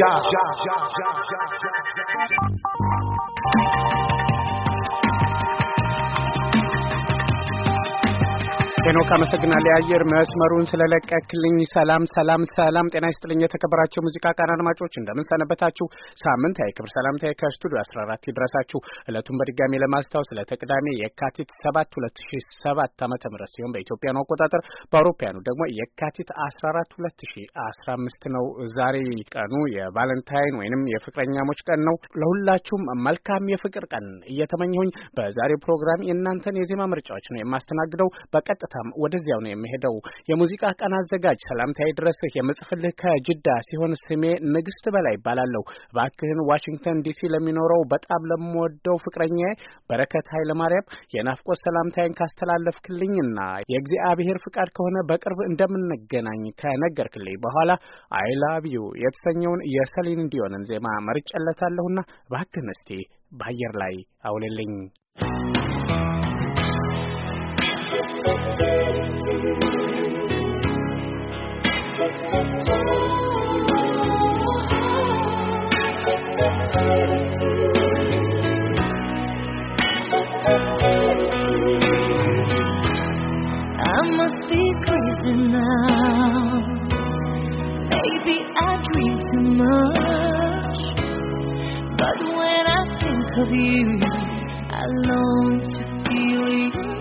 job. ሄኖክ አመሰግናለሁ የአየር መስመሩን ስለለቀክልኝ። ሰላም ሰላም ሰላም፣ ጤና ይስጥልኝ። የተከበራቸው ሙዚቃ ቃና አድማጮች እንደምን ሰነበታችሁ? ሳምንታዊ የክብር ሰላምታዬ ከስቱዲዮ አስራ አራት ይድረሳችሁ። እለቱን በድጋሚ ለማስታወስ ለተቅዳሜ የካቲት ሰባት ሁለት ሺ ሰባት ዓመተ ምህረት ሲሆን ነው አቆጣጠር በአውሮፓያኑ ደግሞ የካቲት አስራ አራት ሁለት ሺ አስራ አምስት ነው። ዛሬ ቀኑ የቫለንታይን ወይንም የፍቅረኛሞች ቀን ነው። ለሁላችሁም መልካም የፍቅር ቀን እየተመኘሁኝ በዛሬ ፕሮግራም የእናንተን የዜማ ምርጫዎች ነው የማስተናግደው በቀጥታ አልሳካም። ወደዚያው ነው የሚሄደው። የሙዚቃ ቀን አዘጋጅ ሰላምታዬ ድረስህ የምጽፍልህ ከጅዳ ሲሆን ስሜ ንግስት በላይ ይባላለሁ። እባክህን ዋሽንግተን ዲሲ ለሚኖረው በጣም ለምወደው ፍቅረኛ በረከት ኃይለማርያም የናፍቆት ሰላምታዬን ካስተላለፍክልኝና የእግዚአብሔር ፍቃድ ከሆነ በቅርብ እንደምንገናኝ ከነገርክልኝ በኋላ አይ ላቭ ዩ የተሰኘውን የሰሊን ዲዮንን ዜማ መርጨለታለሁና እባክህን እስቲ በአየር ላይ አውልልኝ። I must be crazy now. Maybe I dream too much. But when I think of you, I long to feel you.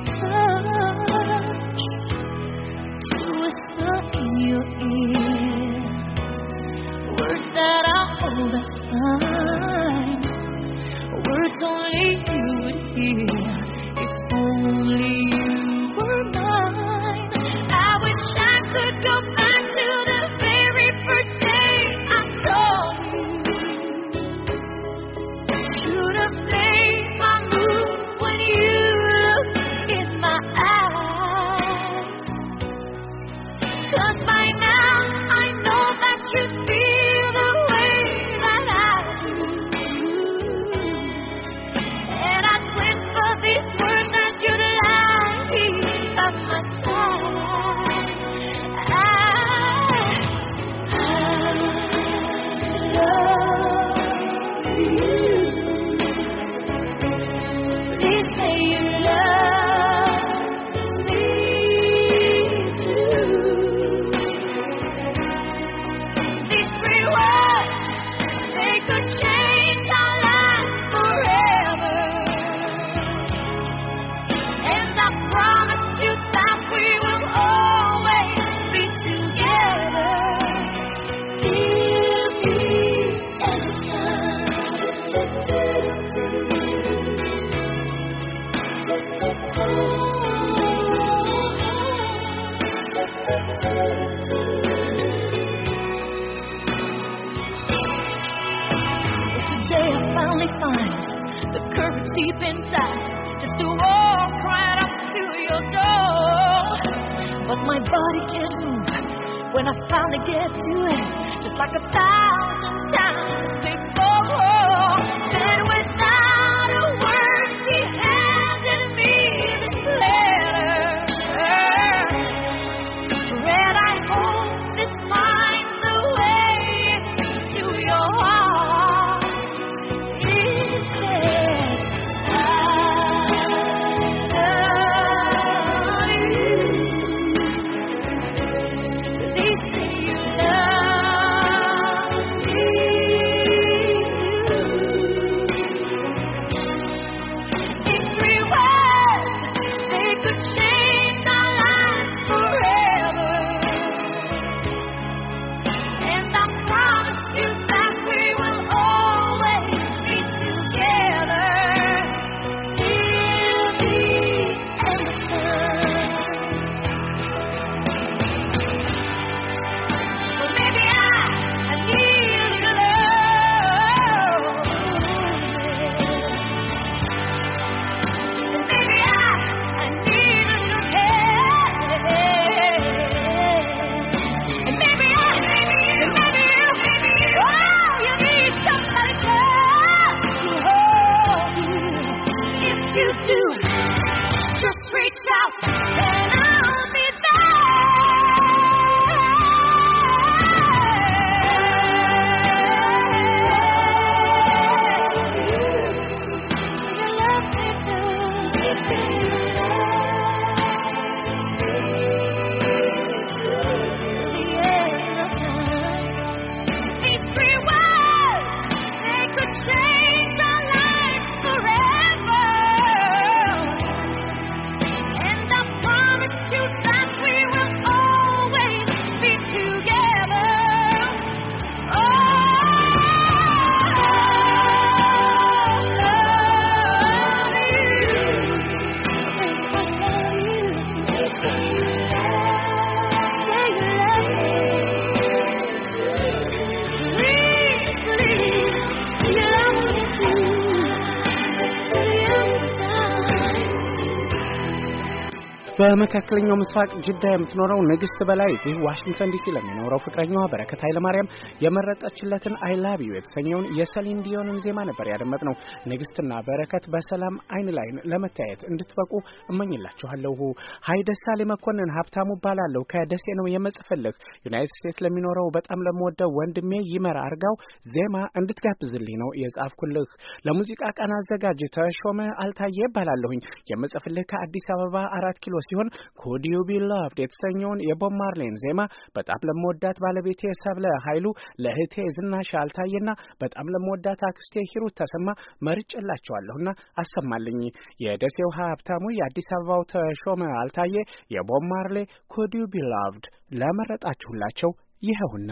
when I finally get to it. Just like a thousand. see. በመካከለኛው ምስራቅ ጅዳ የምትኖረው ንግስት በላይ እዚህ ዋሽንግተን ዲሲ ለሚኖረው ፍቅረኛዋ በረከት ኃይለማርያም የመረጠችለትን አይ ላቭ ዩ የተሰኘውን የሰሊን ዲዮንን ዜማ ነበር ያደመጥ ነው። ንግስትና በረከት በሰላም አይን ላይን ለመታየት እንድትበቁ እመኝላችኋለሁ። ሀይ ደሳሌ መኮንን ሀብታሙ እባላለሁ። ከደሴ ነው የመጽፈልግ ዩናይትድ ስቴትስ ለሚኖረው በጣም ለመወደው ወንድሜ ይመራ አርጋው ዜማ እንድትጋብዝልኝ ነው የጻፍኩልህ። ለሙዚቃ ቀን አዘጋጅ ተሾመ አልታየ እባላለሁኝ። የመጽፍልህ ከአዲስ አበባ አራት ኪሎ ሲሆን ሲሆን ኩድ ዩ ቢ የተሰኘውን የቦብ ማርሌን ዜማ በጣም ለመወዳት ባለቤቴ ሰብለ ኃይሉ ለእህቴ ዝናሽ አልታየና በጣም ለመወዳት አክስቴ ሂሩት ተሰማ መርጭላቸዋለሁና አሰማልኝ። የደሴው ሀብታሙ፣ የአዲስ አበባው ተሾመ አልታየ የቦብ ማርሌ ኩድ ዩ ቢ ለመረጣችሁላቸው ይኸውና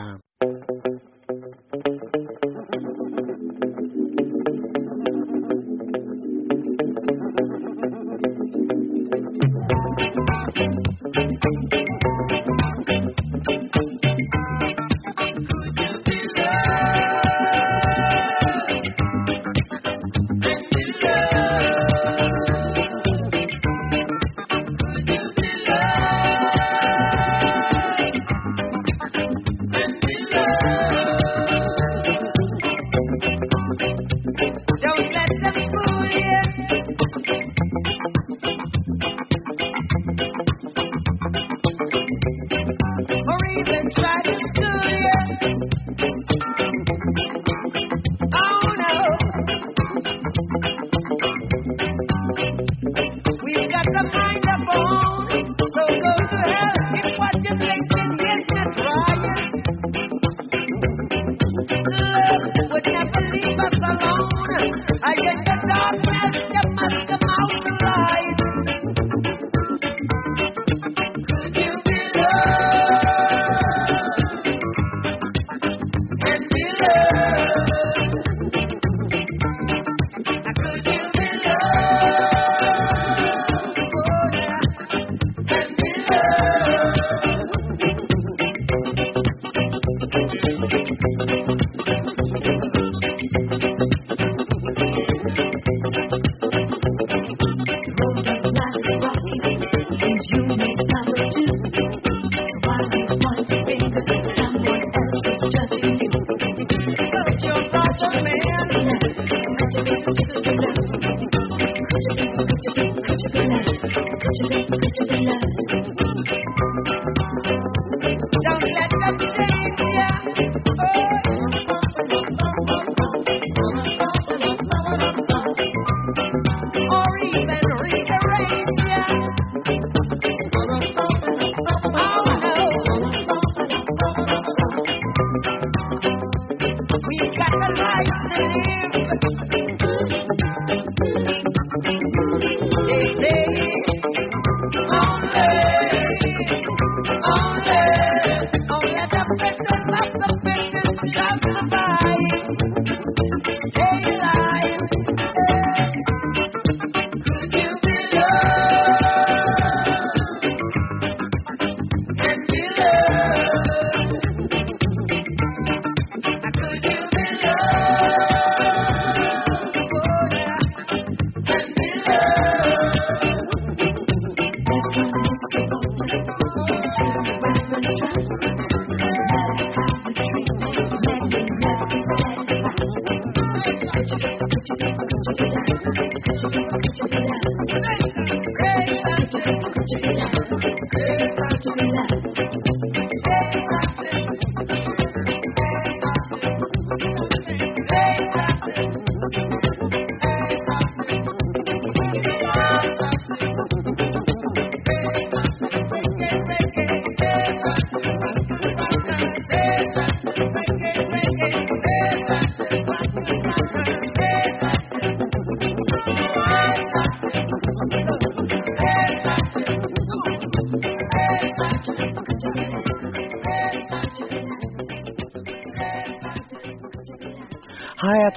yeah.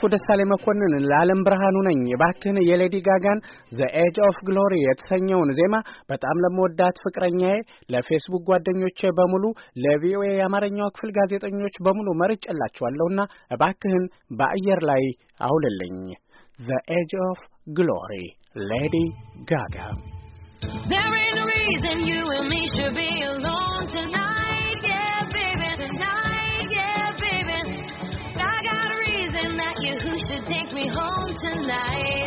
አቶ ደሳሌ መኮንን ለዓለም ብርሃኑ ነኝ። እባክህን የሌዲ ጋጋን ዘ ኤጅ ኦፍ ግሎሪ የተሰኘውን ዜማ በጣም ለመወዳት ፍቅረኛዬ፣ ለፌስቡክ ጓደኞቼ በሙሉ፣ ለቪኦኤ የአማርኛው ክፍል ጋዜጠኞች በሙሉ መርጬላችኋለሁና እባክህን በአየር ላይ አውልልኝ። ዘ ኤጅ ኦፍ ግሎሪ ሌዲ ጋጋ There ain't reason you and me should be alone tonight me home tonight.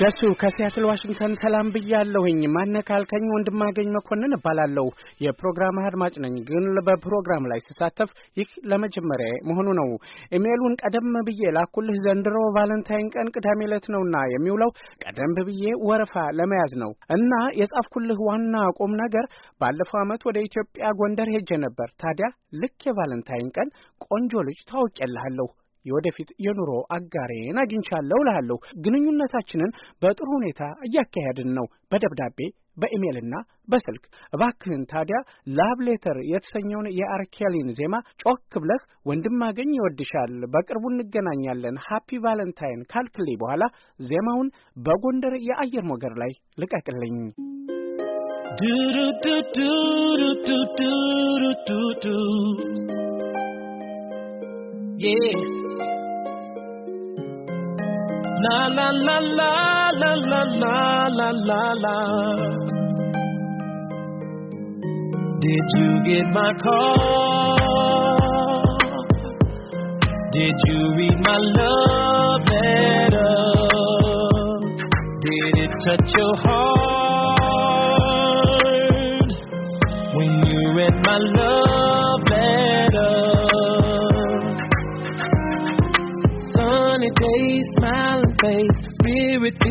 ደሱ ከሲያትል ዋሽንግተን ሰላም ብያለሁኝ። ማነካልከኝ ካልከኝ ወንድማገኝ መኮንን እባላለሁ። የፕሮግራም አድማጭ ነኝ፣ ግን በፕሮግራም ላይ ስሳተፍ ይህ ለመጀመሪያ መሆኑ ነው። ኢሜሉን ቀደም ብዬ ላኩልህ። ዘንድሮ ቫለንታይን ቀን ቅዳሜ ዕለት ነውና የሚውለው ቀደም ብዬ ወረፋ ለመያዝ ነው እና የጻፍኩልህ ዋና ቁም ነገር ባለፈው ዓመት ወደ ኢትዮጵያ ጎንደር ሄጄ ነበር። ታዲያ ልክ የቫለንታይን ቀን ቆንጆ ልጅ ታውቄልሃለሁ የወደፊት የኑሮ አጋሬን አግኝቻለሁ እልሃለሁ። ግንኙነታችንን በጥሩ ሁኔታ እያካሄድን ነው በደብዳቤ በኢሜይልና በስልክ እባክህን ታዲያ ላቭ ሌተር የተሰኘውን የአርኬሊን ዜማ ጮክ ብለህ ወንድም አገኝ ይወድሻል፣ በቅርቡ እንገናኛለን፣ ሃፒ ቫለንታይን ካልክልኝ በኋላ ዜማውን በጎንደር የአየር ሞገድ ላይ ልቀቅልኝ። Yeah La la la la la la la la la la. Did you get my call? Did you read my love letter? Did it touch your heart when you read my love?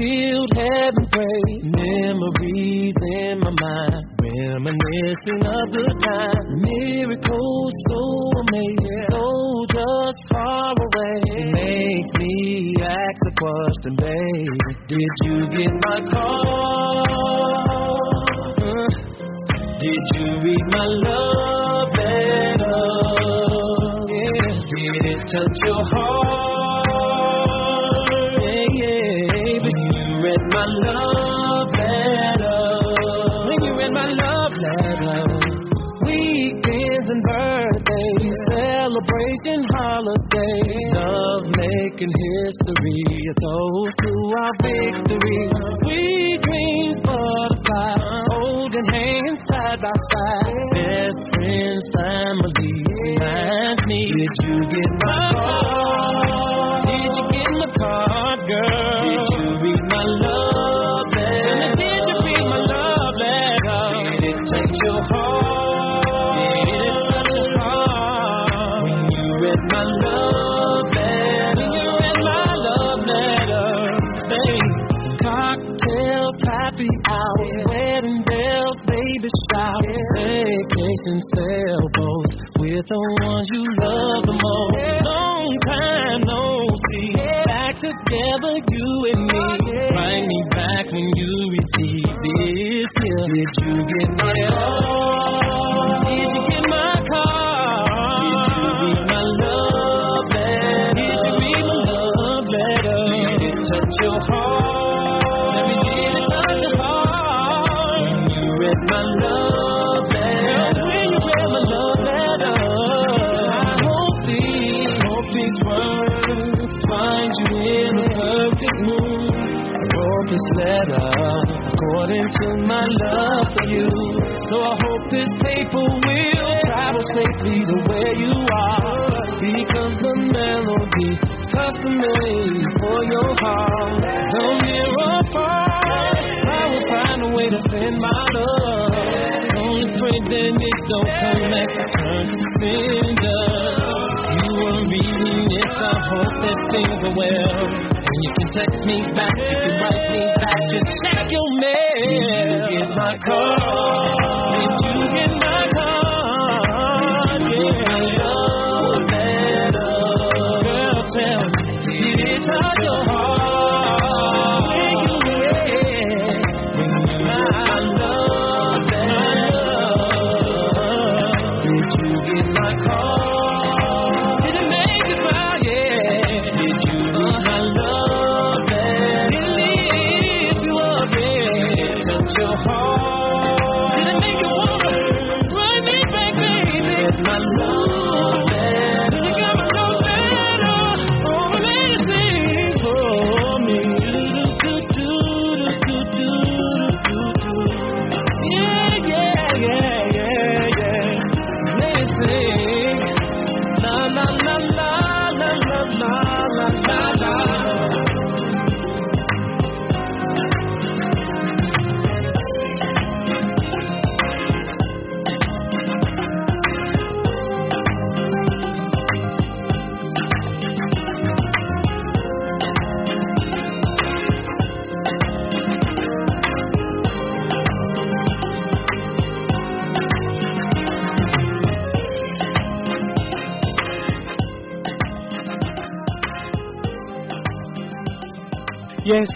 build heaven praise. Memories in my mind, reminiscing of the time. Miracles so amazing, so just far away. It makes me ask the question, baby, did you get my call? did you read my love letter? Yeah. Did it touch your heart? making history. It's owed to our victory. Sweet dreams, butterflies, holding hands side by side. Best friends, family, reminds me. Did you get my call? vacation sailboats with the ones you love the most. Long time no see, back together you and me. Write me back when you receive this here. Did you get my love? Did you get my car? Did you read my love letter? Did you read my love letter? Did it touch your heart? To my love for you. So I hope this paper will travel safely to where you are. Because the melody is custom made for your heart. no near or far, I will find a way to send my love. Only pray that it don't come back to turn to cinder. You were me, this, I hope that things are well. You can text me back, you can write me back. Just check your mail. You get my call.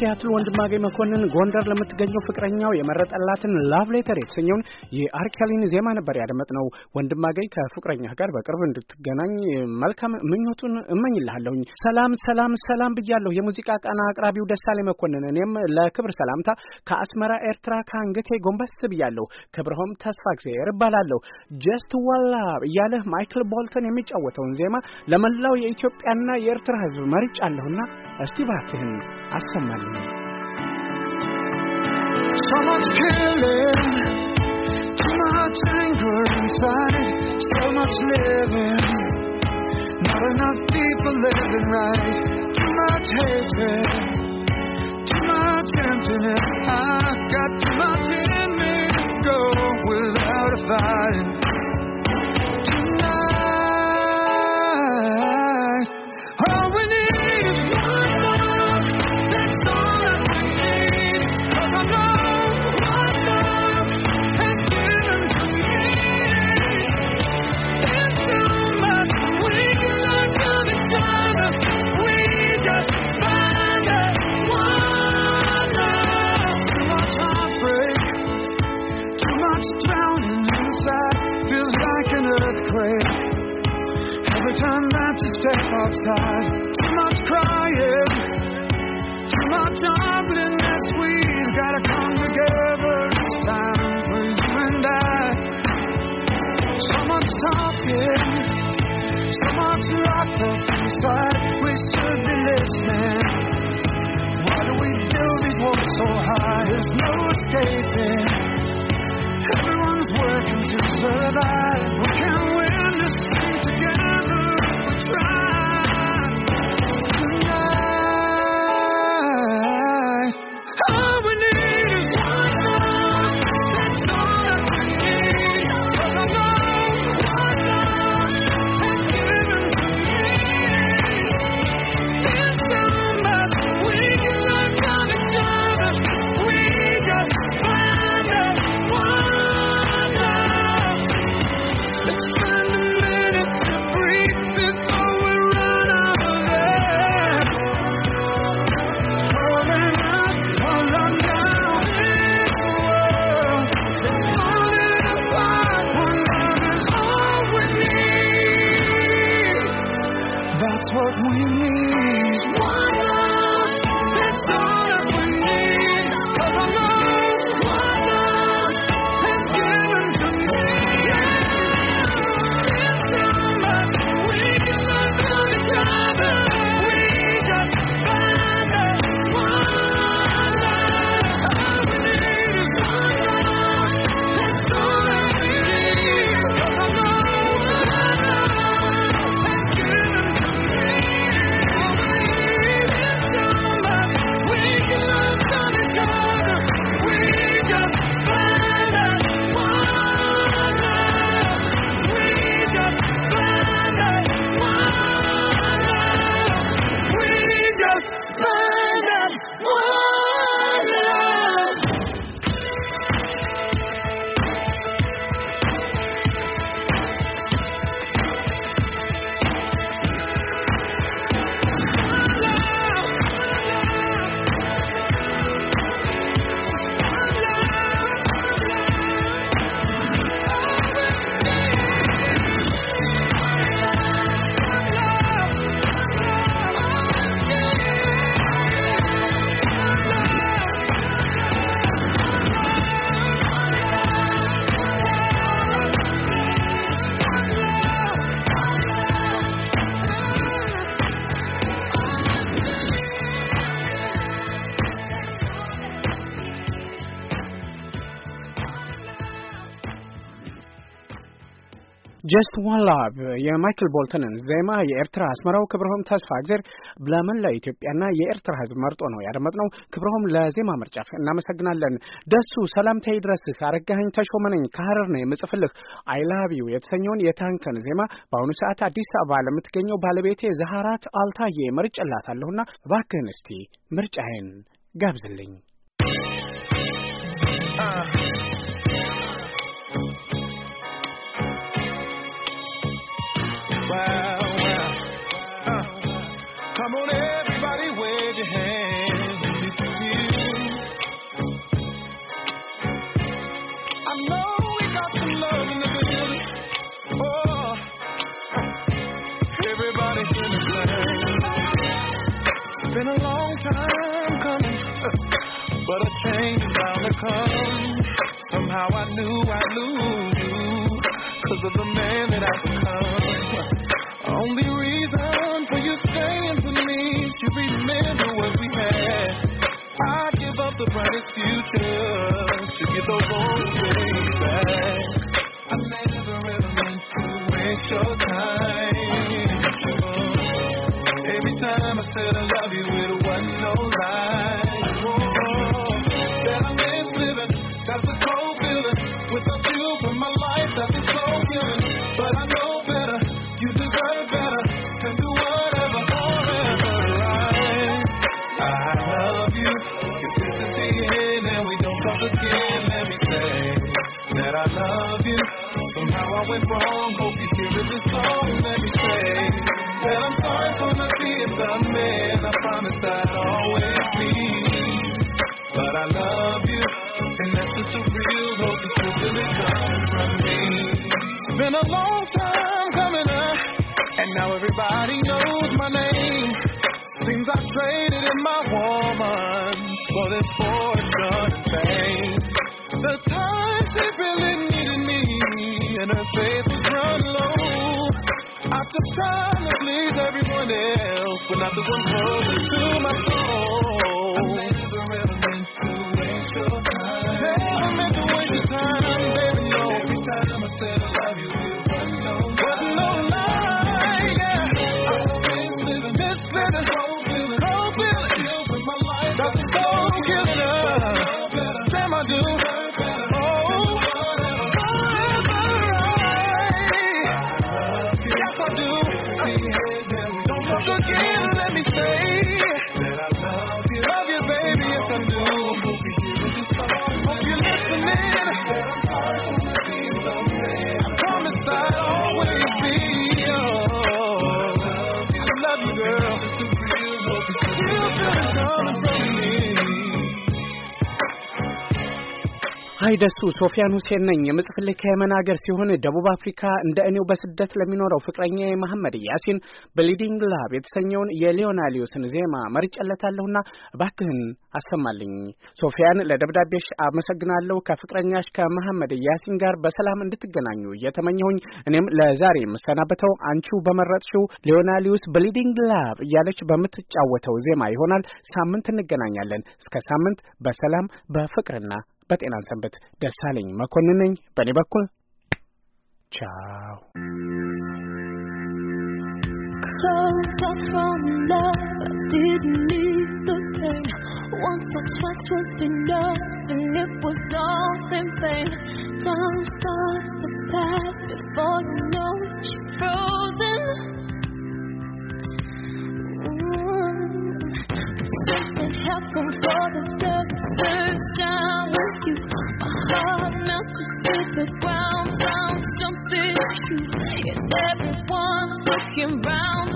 ከሲያትል ወንድማገኝ መኮንን ጎንደር ለምትገኘው ፍቅረኛው የመረጠላትን ላቭ ሌተር የተሰኘውን የአርኬሊን ዜማ ነበር ያደመጥነው። ወንድማገኝ ከፍቅረኛ ጋር በቅርብ እንድትገናኝ መልካም ምኞቱን እመኝልሃለሁኝ። ሰላም ሰላም ሰላም ብያለሁ። የሙዚቃ ቀና አቅራቢው ደሳሌ መኮንን፣ እኔም ለክብር ሰላምታ ከአስመራ ኤርትራ ከአንገቴ ጎንበስ ብያለሁ። ክብርሆም ተስፋ እግዚአብሔር እባላለሁ። ጀስት ዋላ እያለህ ማይክል ቦልተን የሚጫወተውን ዜማ ለመላው የኢትዮጵያና የኤርትራ ህዝብ መርጫለሁና እስቲ ባክህን አሰማልኝ። So much killing. Too much anger inside. So much living. Not enough people living right. Too much hatred. Too much emptiness. I've got too much in me to go without a fight. outside ጀስት ዋን ላቭ የማይክል ቦልተንን ዜማ የኤርትራ አስመራው ክብረሆም ተስፋ እግዜር ለመላው ኢትዮጵያና የኤርትራ ሕዝብ መርጦ ነው ያደመጥነው። ክብረሆም ለዜማ ምርጫ እናመሰግናለን። ደሱ ሰላምታ ይድረስህ። አረጋኸኝ ተሾመነኝ ነኝ ከሀረር ነው የምጽፍልህ። ዩ የተሰኘውን የታንከን ዜማ በአሁኑ ሰዓት አዲስ አበባ ለምትገኘው ባለቤቴ ዘሀራት አልታዬ መርጬላታለሁና እባክህን እስቲ ምርጫዬን ጋብዝልኝ። ah. Come on, everybody, wave your hands if you feel. I know we got some love in the building. Oh, everybody in the black. Been a long time coming, but a change is bound to come. Somehow I knew I'd lose you because of the man that I've become. Only reason you're staying for me should remember what we had. I'd give up the brightest future to get those old days back. been a long time coming up, and now everybody knows my name. Seems I traded in my woman for this fortune fame. The time she really needed me, and her faith was run low. I took time to please everyone else, but not the one closest to my soul. ሀይ ደሱ ሶፊያን ሁሴን ነኝ። የምጽፍልህ ከየመን ሀገር ሲሆን ደቡብ አፍሪካ እንደ እኔው በስደት ለሚኖረው ፍቅረኛ መሐመድ ያሲን ብሊዲንግ ላቭ የተሰኘውን የሊዮናሊዮስን ዜማ መርጨለታለሁና እባክህን አሰማልኝ። ሶፊያን ለደብዳቤሽ አመሰግናለሁ። ከፍቅረኛሽ ከመሐመድ ያሲን ጋር በሰላም እንድትገናኙ እየተመኘሁኝ እኔም ለዛሬ የምሰናበተው አንቺ በመረጥሽው ሊዮናሊዮስ ብሊዲንግ ላብ እያለች በምትጫወተው ዜማ ይሆናል። ሳምንት እንገናኛለን። እስከ ሳምንት በሰላም በፍቅርና በጤናን ሰንበት። ደሳለኝ መኮንን ነኝ። በእኔ በኩል ቻው። Closed off from love, I didn't need the pain. Once or twice was enough, and it was all in vain. Time starts to pass before you know it, you're frozen. Ooh. Something happened for the first time you. heart mouth just the ground, found something true. And everyone's looking round.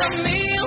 to me